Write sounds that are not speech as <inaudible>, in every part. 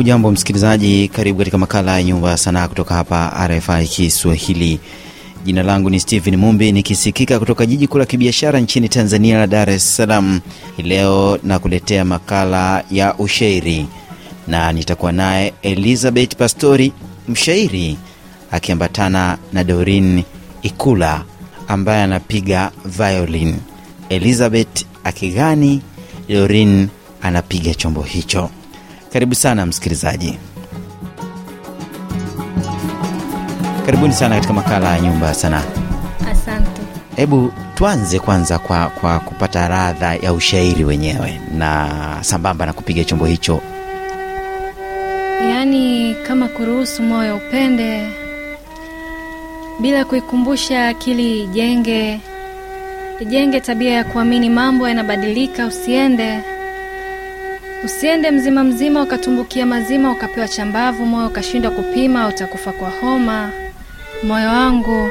Hujambo msikilizaji, karibu katika makala ya Nyumba ya Sanaa kutoka hapa RFI Kiswahili. Jina langu ni Stephen Mumbi, nikisikika kutoka jiji kuu la kibiashara nchini Tanzania la Dar es Salaam. leo nakuletea makala ya ushairi na nitakuwa naye Elizabeth Pastori, mshairi, akiambatana na Dorin Ikula ambaye anapiga violin, Elizabeth akigani, Dorin anapiga chombo hicho. Karibu sana msikilizaji, karibuni sana katika makala ya Nyumba ya Sanaa. Asante. Hebu tuanze kwanza kwa, kwa kupata radha ya ushairi wenyewe na sambamba na kupiga chombo hicho, yaani kama kuruhusu moyo upende bila kuikumbusha akili ijenge ijenge tabia ya kuamini mambo yanabadilika, usiende Usiende mzima mzima ukatumbukia mazima, ukapewa chambavu, moyo ukashindwa kupima, utakufa kwa homa. Moyo wangu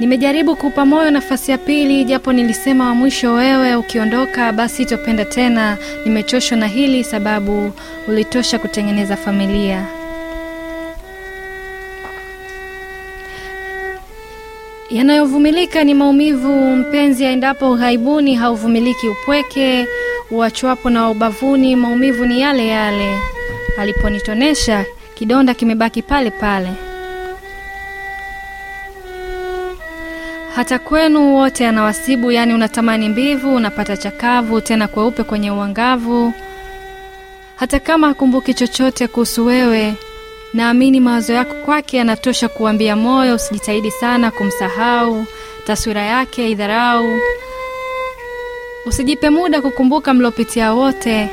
nimejaribu kuupa moyo nafasi ya pili, japo nilisema wa mwisho wewe, ukiondoka basi itopenda tena. Nimechoshwa na hili sababu ulitosha kutengeneza familia. Yanayovumilika ni maumivu mpenzi, aendapo ghaibuni, hauvumiliki upweke, uachwapo na ubavuni, maumivu ni yale yale. Aliponitonesha kidonda kimebaki pale pale. Hata kwenu wote anawasibu, yaani unatamani mbivu, unapata chakavu, tena kweupe kwenye uangavu. Hata kama akumbuki chochote kuhusu wewe, Naamini mawazo yako kwake yanatosha kuambia moyo usijitahidi sana kumsahau, taswira yake idharau. Usijipe muda kukumbuka mliopitia wote,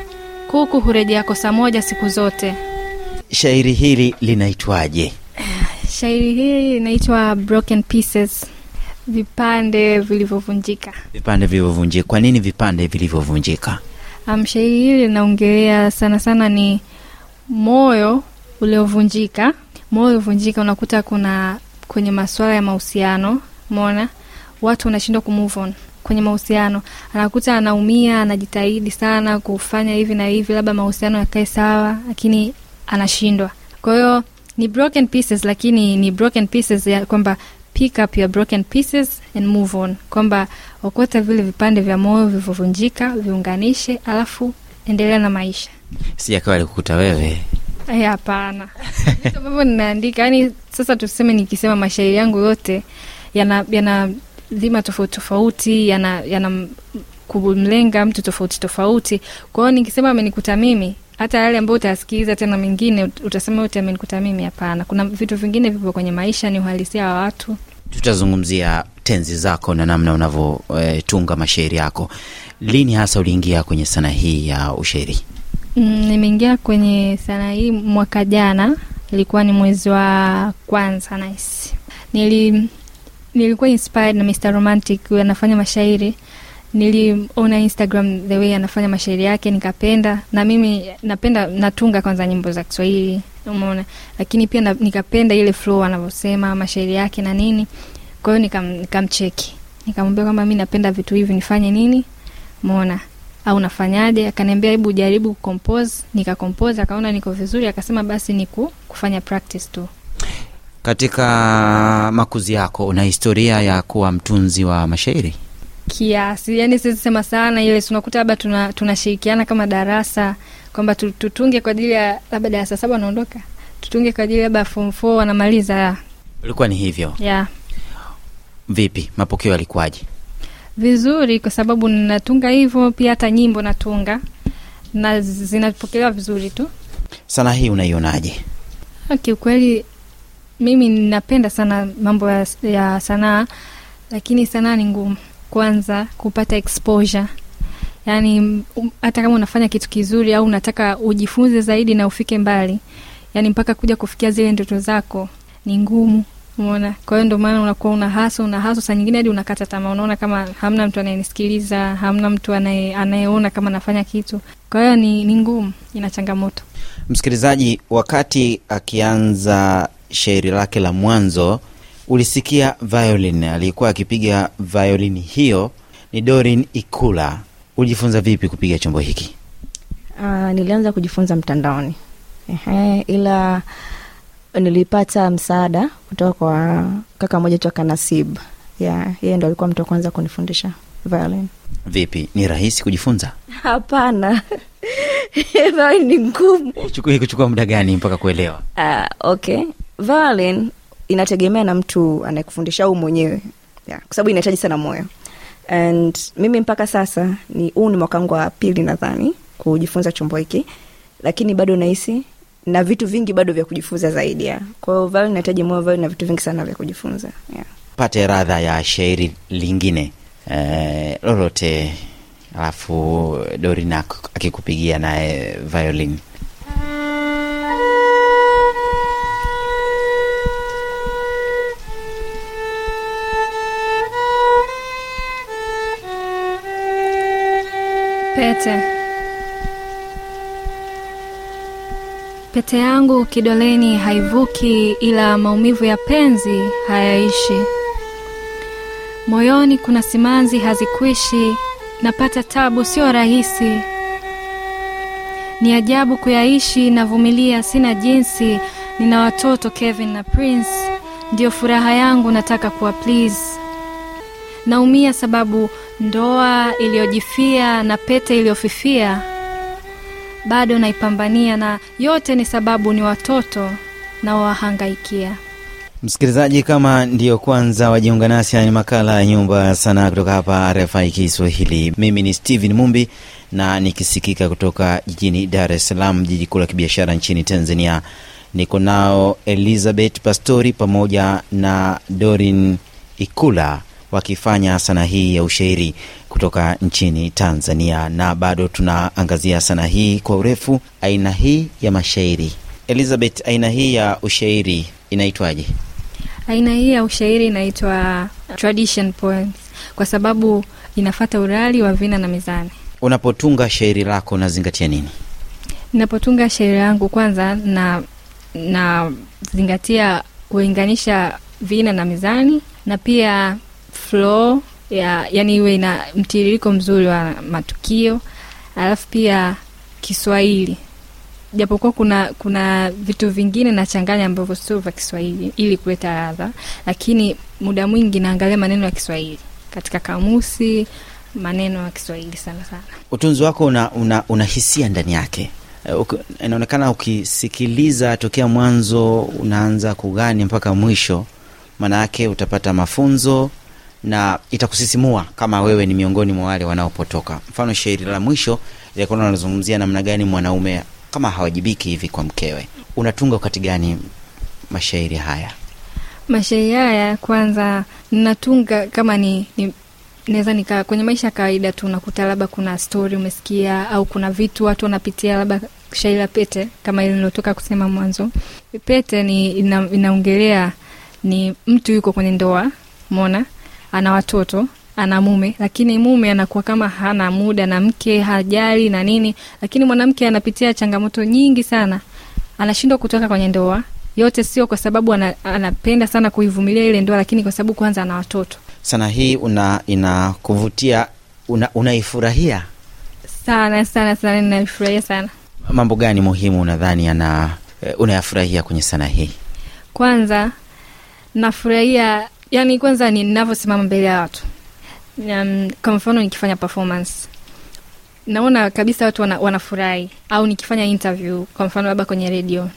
kuku hurejea kosa moja siku zote. Shairi hili linaitwaje? Shairi hili linaitwa Broken Pieces, vipande vilivyovunjika. Vipande vilivyovunjika. Kwa nini vipande vilivyovunjika? Um, shairi hili linaongelea sana sana ni moyo uliovunjika, moyo uliovunjika, unakuta kuna kwenye masuala ya mahusiano, mona watu wanashindwa kumove kwenye mahusiano, anakuta anaumia, anajitahidi sana kufanya hivi na hivi, labda mahusiano yakae sawa, lakini anashindwa. Kwa hiyo ni broken pieces, lakini ni broken pieces ya kwamba pick up your broken pieces and move on, kwamba okota vile vipande vya moyo vilivyovunjika, viunganishe, alafu endelea na maisha. si akawa alikukuta wewe Eh, hapana, vitu ambavyo ninaandika yani, sasa tuseme, nikisema mashairi yangu yote yana yana dhima tofauti tofauti, yana yana kumlenga mtu tofauti tofauti. Kwa hiyo nikisema amenikuta mimi, hata yale ambayo utayasikiliza tena mengine utasema yote amenikuta mimi, hapana. Kuna vitu vingine vipo kwenye maisha, ni uhalisia wa watu. Tutazungumzia tenzi zako na namna unavyotunga eh, e, mashairi yako. Lini hasa uliingia kwenye sanaa hii ya ushairi? Mm, nimeingia kwenye sanaa hii mwaka jana, ilikuwa ni mwezi wa kwanza. Nice. Nili, nilikuwa inspired na Mr. Romantic, anafanya mashairi. Niliona Instagram the way anafanya mashairi yake, nikapenda na mimi napenda, natunga kwanza nyimbo za Kiswahili, umeona, lakini pia na, nikapenda ile flow anavyosema mashairi yake na nini. Kwa hiyo nikamcheki, nikamwambia kwamba mi napenda vitu hivi, nifanye nini, umeona au nafanyaje? Akaniambia hebu jaribu compose. Nikacompose, akaona niko vizuri, akasema basi ni kufanya practice tu. Katika makuzi yako una historia ya kuwa mtunzi wa mashairi kiasi, yani siwezi sema sana, ile unakuta labda tuna, tunashirikiana kama darasa kwamba tutunge kwa ajili ya labda darasa saba wanaondoka, tutunge kwa ajili labda form four wanamaliza. Ulikuwa ni hivyo yeah. Vipi, mapokeo yalikuwaje? vizuri, kwa sababu natunga hivyo pia, hata nyimbo natunga na zinapokelewa vizuri tu. Sanaa hii unaionaje? Ah, kiukweli mimi ninapenda sana mambo ya, ya sanaa, lakini sanaa ni ngumu. Kwanza kupata exposure yaani um, hata um, kama unafanya kitu kizuri au unataka ujifunze zaidi na ufike mbali, yaani mpaka kuja kufikia zile ndoto zako ni ngumu. Umeona, kwa hiyo ndio maana unakuwa una haso una haso, saa nyingine hadi unakata tamaa, unaona kama hamna mtu anayenisikiliza, hamna mtu anaye anayeona kama nafanya kitu. Kwa hiyo ni, ni ngumu, ina changamoto. Msikilizaji, wakati akianza shairi lake la mwanzo ulisikia violin, aliyekuwa akipiga violin hiyo ni Dorin Ikula. Ulijifunza vipi kupiga chombo hiki? Uh, nilianza kujifunza mtandaoni. Ehe, ila nilipata msaada kutoka kwa kaka moja toka Nasib. Yeah, yeye ndo alikuwa mtu wa kwanza kunifundisha violin. Vipi, ni rahisi kujifunza? Hapana. <laughs> ni ngumu. kuchukua muda gani mpaka kuelewa? Uh, okay. Violin inategemea na mtu anayekufundisha au mwenyewe. Yeah, kwa sababu inahitaji sana moyo. And mimi mpaka sasa ni huu ni mwaka wangu wa pili nadhani kujifunza chombo hiki, lakini bado nahisi na vitu vingi bado vya kujifunza zaidi kwao val nahitaji moyo val na vitu vingi sana vya kujifunza yeah. pate radha ya shairi lingine e, lolote alafu dorina akikupigia naye violin pete Pete yangu kidoleni haivuki, ila maumivu ya penzi hayaishi. Moyoni kuna simanzi hazikwishi, napata tabu sio rahisi. Ni ajabu kuyaishi, navumilia, sina jinsi. Nina watoto Kevin na Prince, ndiyo furaha yangu, nataka kuwa please. Naumia sababu ndoa iliyojifia na pete iliyofifia bado naipambania, na yote ni sababu ni watoto nawahangaikia. Msikilizaji, kama ndiyo kwanza wajiunga nasi, ni makala ya Nyumba ya Sanaa kutoka hapa RFI Kiswahili. Mimi ni stehen Mumbi na nikisikika kutoka jijini Dar es Salaam, jiji kuu la kibiashara nchini Tanzania. Niko nao Elizabeth Pastori pamoja na Dorin Ikula wakifanya sanaa hii ya ushairi kutoka nchini Tanzania, na bado tunaangazia sanaa hii kwa urefu. Aina hii ya mashairi, Elizabeth, aina hii ya ushairi inaitwaje? Aina hii ya ushairi inaitwa tradition poems kwa sababu inafata urari wa vina na mizani. Unapotunga shairi lako unazingatia nini? Ninapotunga shairi yangu kwanza na nazingatia kulinganisha vina na mizani na pia flow ya yani iwe ina mtiririko mzuri wa matukio, alafu pia Kiswahili japokuwa kuna kuna vitu vingine nachanganya ambavyo sio vya Kiswahili ili kuleta ladha, lakini muda mwingi naangalia maneno ya Kiswahili katika kamusi, maneno ya Kiswahili sana sana. Utunzi wako una, una, una ndani yake eh, inaonekana ukisikiliza tokea mwanzo unaanza kugani mpaka mwisho, maana yake utapata mafunzo na itakusisimua kama wewe ni miongoni mwa wale wanaopotoka. Mfano, shairi la mwisho lilikuwa linazungumzia namna gani mwanaume kama hawajibiki hivi kwa mkewe. Unatunga wakati gani mashairi haya? Mashairi haya kwanza natunga kama ni, ni naweza nika kwenye maisha ya kawaida tu, unakuta labda kuna stori umesikia au kuna vitu watu wanapitia, labda shairi la pete kama ili nilotoka kusema mwanzo. Pete ni inaongelea ina ni mtu yuko kwenye ndoa mona ana watoto ana mume, lakini mume anakuwa kama hana muda na mke, hajali na nini, lakini mwanamke anapitia changamoto nyingi sana, anashindwa kutoka kwenye ndoa yote. Sio kwa sababu ana, anapenda sana kuivumilia ile ndoa, lakini kwa sababu kwanza ana watoto. Sana hii una inakuvutia, unaifurahia una sana sana sana, inaifurahia sana. Mambo gani muhimu unadhani ana eh, unayafurahia kwenye sana hii? Kwanza nafurahia yani kwanza ni ninavyosimama mbele ya watu um, kwa mfano nikifanya performance naona kabisa watu wana, wanafurahi au nikifanya interview kwa mfano labda kwenye redio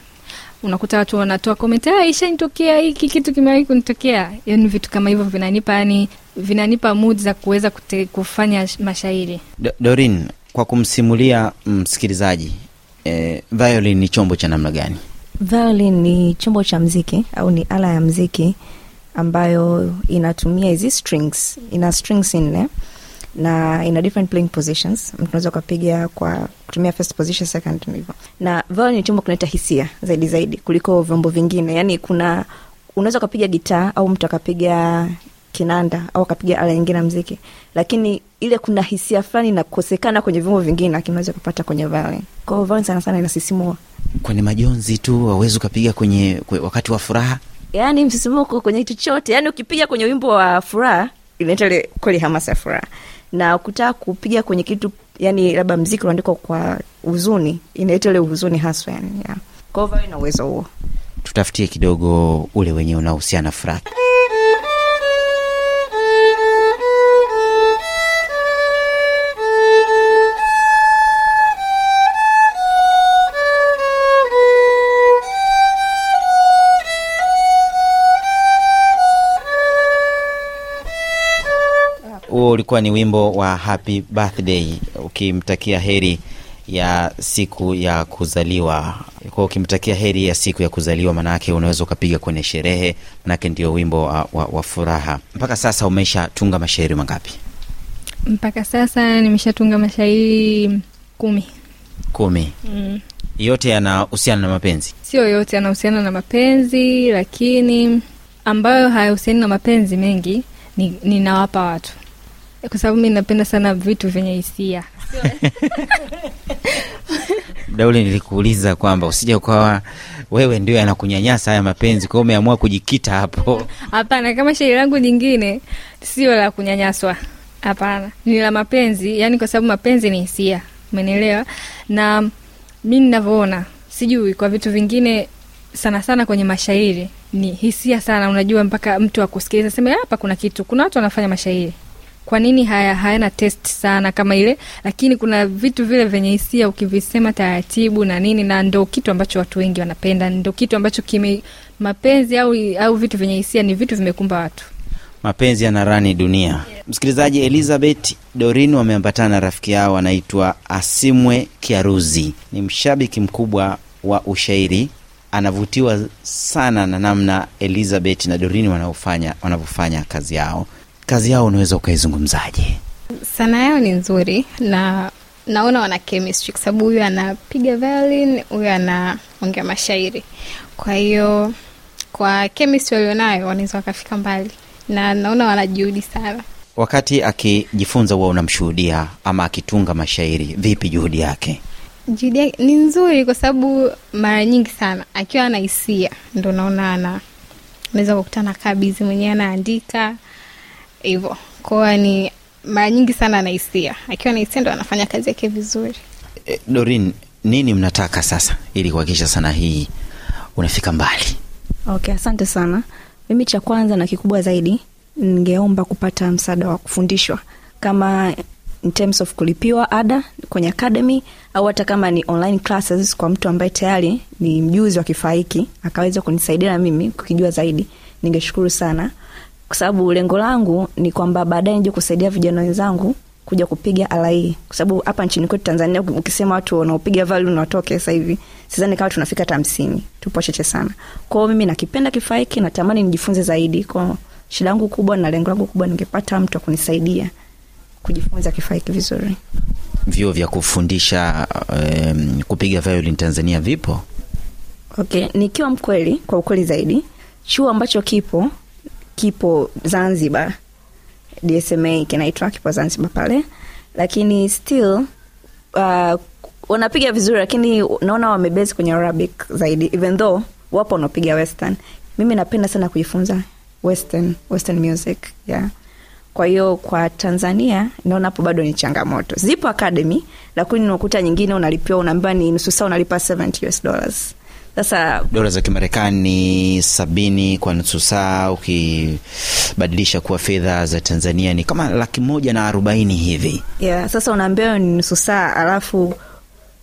unakuta watu wanatoa komenti ah, ishanitokea hiki kitu kimewahi kunitokea yani vitu kama hivyo vinanipa yani vinanipa mood za kuweza kufanya mashairi Do, dorin kwa kumsimulia msikilizaji eh, violin ni chombo cha namna gani violin ni chombo cha mziki au ni ala ya mziki ambayo inatumia hizi strings, ina strings nne na ina different playing positions. mtu unaweza ukapiga kwa kutumia first position, second hivyo. Na vao ni chombo kinaleta hisia zaidi zaidi kuliko vyombo vingine, yani kuna unaweza ukapiga gitaa au mtu akapiga kinanda au akapiga ala nyingine mziki, lakini ile kuna hisia fulani inakosekana kwenye vyombo vingine, lakini unaweza ukapata kwenye violin. Kwa hiyo sana sana inasisimua kwenye majonzi tu, wawezi ukapiga kwenye kwe, wakati wa furaha yani msisimuko kwenye chochote yani ukipiga kwenye wimbo wa furaha inaita ile kweli hamasa ya furaha na ukitaka kupiga kwenye kitu yani labda mziki unaandikwa kwa huzuni inaita ile huzuni haswa yani ya. kwa hivyo na uwezo huo tutafutie kidogo ule wenye unahusiana furaha ulikuwa ni wimbo wa Happy Birthday ukimtakia heri ya siku ya kuzaliwa kwa ukimtakia heri ya siku ya kuzaliwa, maanaake unaweza ukapiga kwenye sherehe, manake ndio wimbo wa, wa, wa furaha. Mpaka sasa umeshatunga mashairi mangapi? Mpaka sasa nimeshatunga mashairi kumi. Kumi. Mm. Yote yanahusiana na mapenzi? Sio yote yanahusiana na mapenzi, lakini ambayo hayahusiani na mapenzi mengi ninawapa ni watu kwa sababu mi napenda sana vitu vyenye hisia mdauli nilikuuliza kwamba usija ukawa wewe ndio anakunyanyasa haya mapenzi kwao, umeamua kujikita hapo. Hapana, kama shairi langu jingine sio la kunyanyaswa, hapana, ni la mapenzi, yani kwa sababu mapenzi ni hisia, umenielewa? Na mi ninavyoona, sijui kwa vitu vingine, sana sana kwenye mashairi ni hisia sana, unajua mpaka mtu akusikiliza sema hapa kuna kitu. Kuna watu wanafanya mashairi kwa nini haya hayana test sana kama ile, lakini kuna vitu vile vyenye hisia ukivisema taratibu na nini, na ndo kitu ambacho watu wengi wanapenda, ndo kitu ambacho kime mapenzi au, au vitu vyenye hisia ni vitu vimekumba watu mapenzi yanarani dunia yeah. Msikilizaji, Elizabeth Dorin wameambatana na rafiki yao anaitwa Asimwe Kiaruzi. Ni mshabiki mkubwa wa ushairi, anavutiwa sana na namna Elizabeth na Dorin wanaofanya wanavyofanya kazi yao kazi yao unaweza ukaizungumzaje? Sanaa yao ni nzuri na naona wana chemistry kwa sababu huyu anapiga violin, huyu anaongea mashairi. Kwa hiyo kwa chemistry walionayo wanaweza wakafika mbali, na naona wana juhudi sana. Wakati akijifunza huwa unamshuhudia ama akitunga mashairi, vipi juhudi yake? Juhudi yake ni nzuri, kwa sababu mara nyingi sana akiwa anahisia ndo naona ana naweza kukutana kabizi mwenyewe anaandika hivo kwao ni mara nyingi sana anahisia akiwa nahisia ndo anafanya kazi yake vizuri e, eh, dorin nini mnataka sasa ili kuhakikisha sana hii unafika mbali okay asante sana mimi cha kwanza na kikubwa zaidi ningeomba kupata msaada wa kufundishwa kama in terms of kulipiwa ada kwenye academy au hata kama ni online classes kwa mtu ambaye tayari ni mjuzi wa kifaa hiki akaweza kunisaidia na mimi kukijua zaidi ningeshukuru sana kwa sababu lengo langu ni kwamba baadaye nija kusaidia vijana wenzangu kuja kupiga ala hii, kwa sababu hapa nchini kwetu Tanzania ukisema watu wanaopiga vali unawatoke sasa hivi, sidhani kama tunafika hata hamsini, tupo chache sana. kwao mimi nakipenda kifaa hiki, natamani nijifunze zaidi. Kwa shida yangu kubwa na lengo langu kubwa, ningepata mtu akunisaidia kujifunza kifaa hiki vizuri. Vyuo vya kufundisha um, kupiga violin Tanzania vipo? Okay, nikiwa mkweli, kwa ukweli zaidi, chuo ambacho kipo kipo Zanzibar, DSMA kinaitwa, kipo Zanzibar pale, lakini still uh, wanapiga vizuri, lakini naona wamebezi kwenye Arabic zaidi, even though wapo wanaopiga western. Mimi napenda sana kujifunza western, western music yeah. Kwa hiyo kwa Tanzania naona hapo bado ni changamoto. Zipo academy, lakini nakuta nyingine unalipiwa, unaambiwa ni nusu saa unalipa 70 US dollars sasa dola za Kimarekani sabini kwa nusu saa ukibadilisha kuwa fedha za Tanzania ni kama laki moja na arobaini hivi. Yeah, sasa unaambiwa ni nusu saa, alafu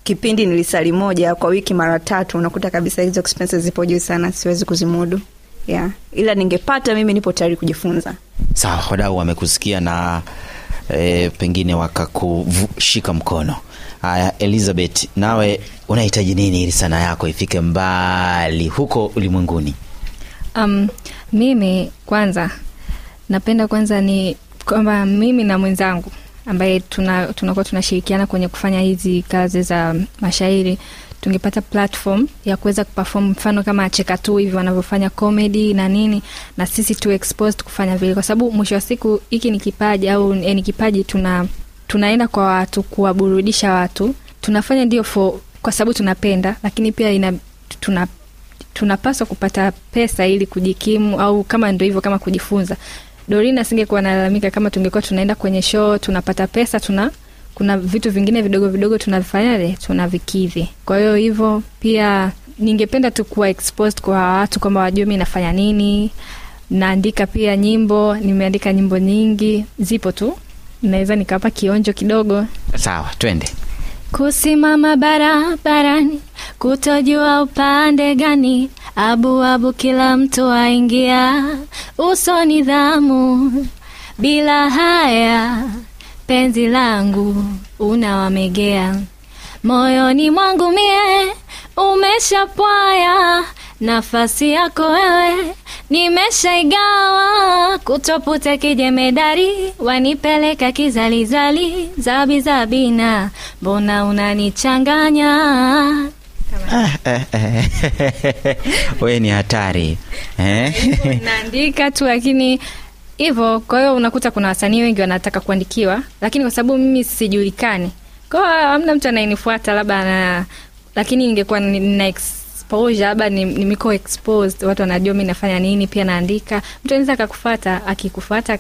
kipindi ni lisali moja kwa wiki mara tatu, unakuta kabisa hizo expenses zipo juu sana, siwezi kuzimudu. Yeah, ila ningepata mimi, nipo tayari kujifunza. Sawa, wadau wamekusikia na e, pengine wakakushika mkono Aya, Elizabeth, nawe unahitaji nini ili sanaa yako ifike mbali huko ulimwenguni? Um, mimi kwanza napenda kwanza ni kwamba mimi na mwenzangu ambaye tunakuwa tuna tunashirikiana kwenye kufanya hizi kazi za mashairi tungepata platform ya kuweza kuperform, mfano kama Cheka Tu hivi wanavyofanya comedy na nini, na sisi tu exposed kufanya vile, kwa sababu mwisho wa siku hiki ni kipaji au eh, ni kipaji tuna tunaenda kwa watu kuwaburudisha watu, tunafanya ndio fo kwa sababu tunapenda, lakini pia ina tuna tunapaswa kupata pesa ili kujikimu, au kama ndo hivyo kama kujifunza. Dorina asingekuwa nalalamika kama tungekuwa tunaenda kwenye show tunapata pesa, tuna kuna vitu vingine vidogo vidogo tunavifanyaje, tunavikidhi. Kwa hiyo hivyo pia ningependa tu kuwa exposed kwa watu kwamba wajue mi nafanya nini. Naandika pia nyimbo, nimeandika nyimbo nyingi, zipo tu naweza nikawapa kionjo kidogo. Sawa, twende. Kusimama barabarani, kutojua upande gani, abuabu abu kila mtu aingia, uso ni dhamu bila haya, penzi langu unawamegea moyoni mwangu mie, umeshapwaya Nafasi yako wewe nimeshaigawa, kutoputa kijemedari, wanipeleka kizalizali, zabizabina, mbona unanichanganya? Ah, eh, eh. eh. <laughs> we ni hatari eh? naandika tu lakini hivyo. Kwa hiyo unakuta kuna wasanii wengi wanataka kuandikiwa, lakini kwa sababu mimi sijulikani, kwa hiyo mtu anayenifuata labda na, lakini ningekuwa next exposure, labda nimiko ni exposed, watu wanajua mi nafanya nini, pia naandika. Mtu anaweza akakufata, akikufata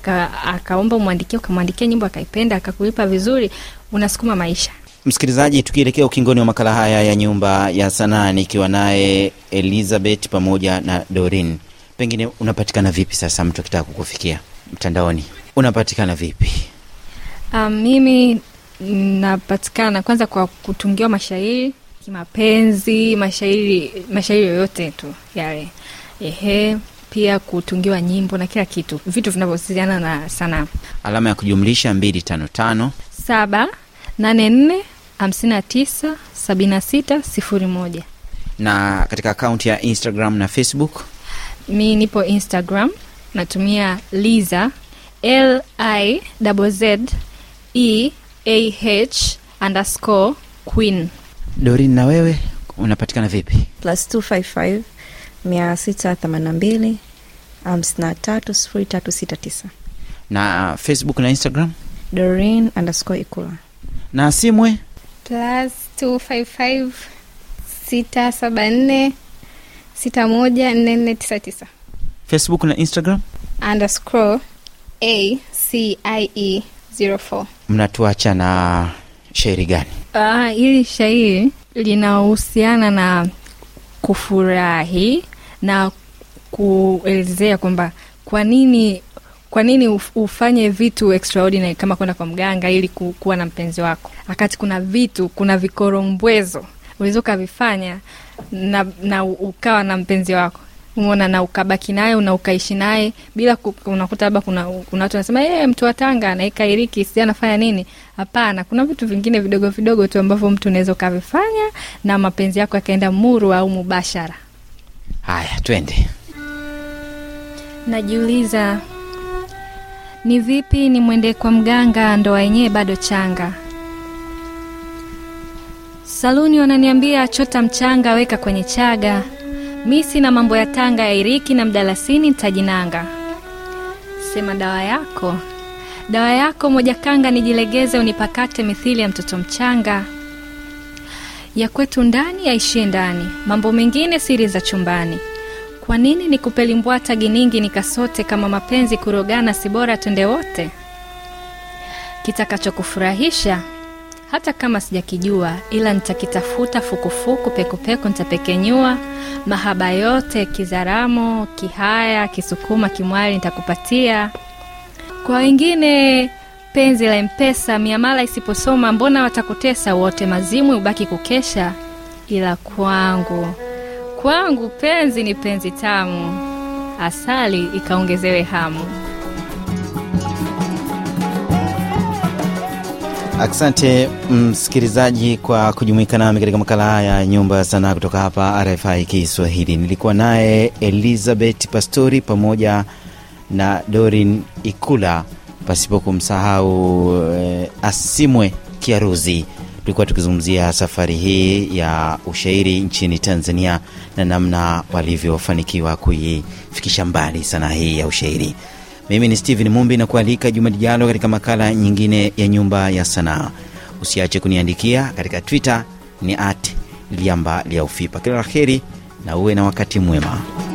akaomba umwandikie, ukamwandikia nyimbo akaipenda, akakulipa vizuri, unasukuma maisha. Msikilizaji, tukielekea ukingoni wa makala haya ya Nyumba ya Sanaa nikiwa naye Elizabeth pamoja na Dorin, pengine unapatikana vipi sasa, mtu akitaka kukufikia mtandaoni unapatikana vipi? Um, mimi napatikana kwanza kwa kutungiwa mashairi kimapenzi, mashairi, mashairi yoyote tu yale, ehe, pia kutungiwa nyimbo na kila kitu, vitu vinavyohusiana na sanaa. Alama ya kujumlisha mbili tano tano saba nane nne na tisa sita sifuri moja. Na katika akaunti ya Instagram na Facebook, mi nipo Instagram natumia Liza liz E A H underscore queen Dorin, na wewe unapatikana vipi? plus 255 mia na Facebook na Instagram Dorin underscore Ikula na simwe plus 255 sita Facebook na Instagram underscore ACIE 04. Mnatuacha na shairi gani? Ah, hili shairi linahusiana na kufurahi na kuelezea kwamba kwa nini kwa nini ufanye vitu extraordinary kama kwenda kwa mganga ili kuwa na mpenzi wako, wakati kuna vitu, kuna vikorombwezo unaweza ukavifanya na, na ukawa na mpenzi wako umeona, na ukabaki naye na ukaishi naye bila, unakuta labda kuna watu wanasema yeye eh, mtu wa Tanga anaika iriki sijui anafanya nini, Hapana, kuna vitu vingine vidogo vidogo tu ambavyo mtu unaweza ukavifanya na mapenzi yako yakaenda muru au mubashara. Haya, twende. Najiuliza ni vipi mwende kwa mganga, ndoa yenyewe bado changa. Saluni wananiambia chota mchanga, weka kwenye chaga. Mi sina mambo ya tanga ya iriki na mdalasini, ntajinanga. Sema dawa yako dawa yako moja kanga, nijilegeze unipakate mithili ya mtoto mchanga. Ya kwetu ndani yaishie ndani, mambo mengine siri za chumbani. Kwa nini nikupe limbwata giningi nikasote, kama mapenzi kurogana, si bora twende wote? Kitakachokufurahisha hata kama sijakijua, ila nitakitafuta fukufuku, pekupeku nitapekenyua. Mahaba yote kizaramo, kihaya, kisukuma, kimwali nitakupatia. Kwa wengine penzi la Mpesa, miamala isiposoma mbona watakutesa wote, mazimwi ubaki kukesha, ila kwangu kwangu penzi ni penzi tamu, asali ikaongezewe hamu. Asante msikilizaji kwa kujumuika nami katika makala haya ya Nyumba ya Sanaa kutoka hapa RFI Kiswahili. Nilikuwa naye Elizabeth Pastori pamoja na Dorin Ikula, pasipo kumsahau eh, Asimwe Kiaruzi. Tulikuwa tukizungumzia safari hii ya ushairi nchini Tanzania na namna walivyofanikiwa kuifikisha mbali sanaa hii ya ushairi. Mimi ni stehen Mumbi na kualika juma lijalo katika makala nyingine ya Nyumba ya Sanaa. Usiache kuniandikia katika Twitter ni at liamba lya ufipa. Kila la na uwe na wakati mwema.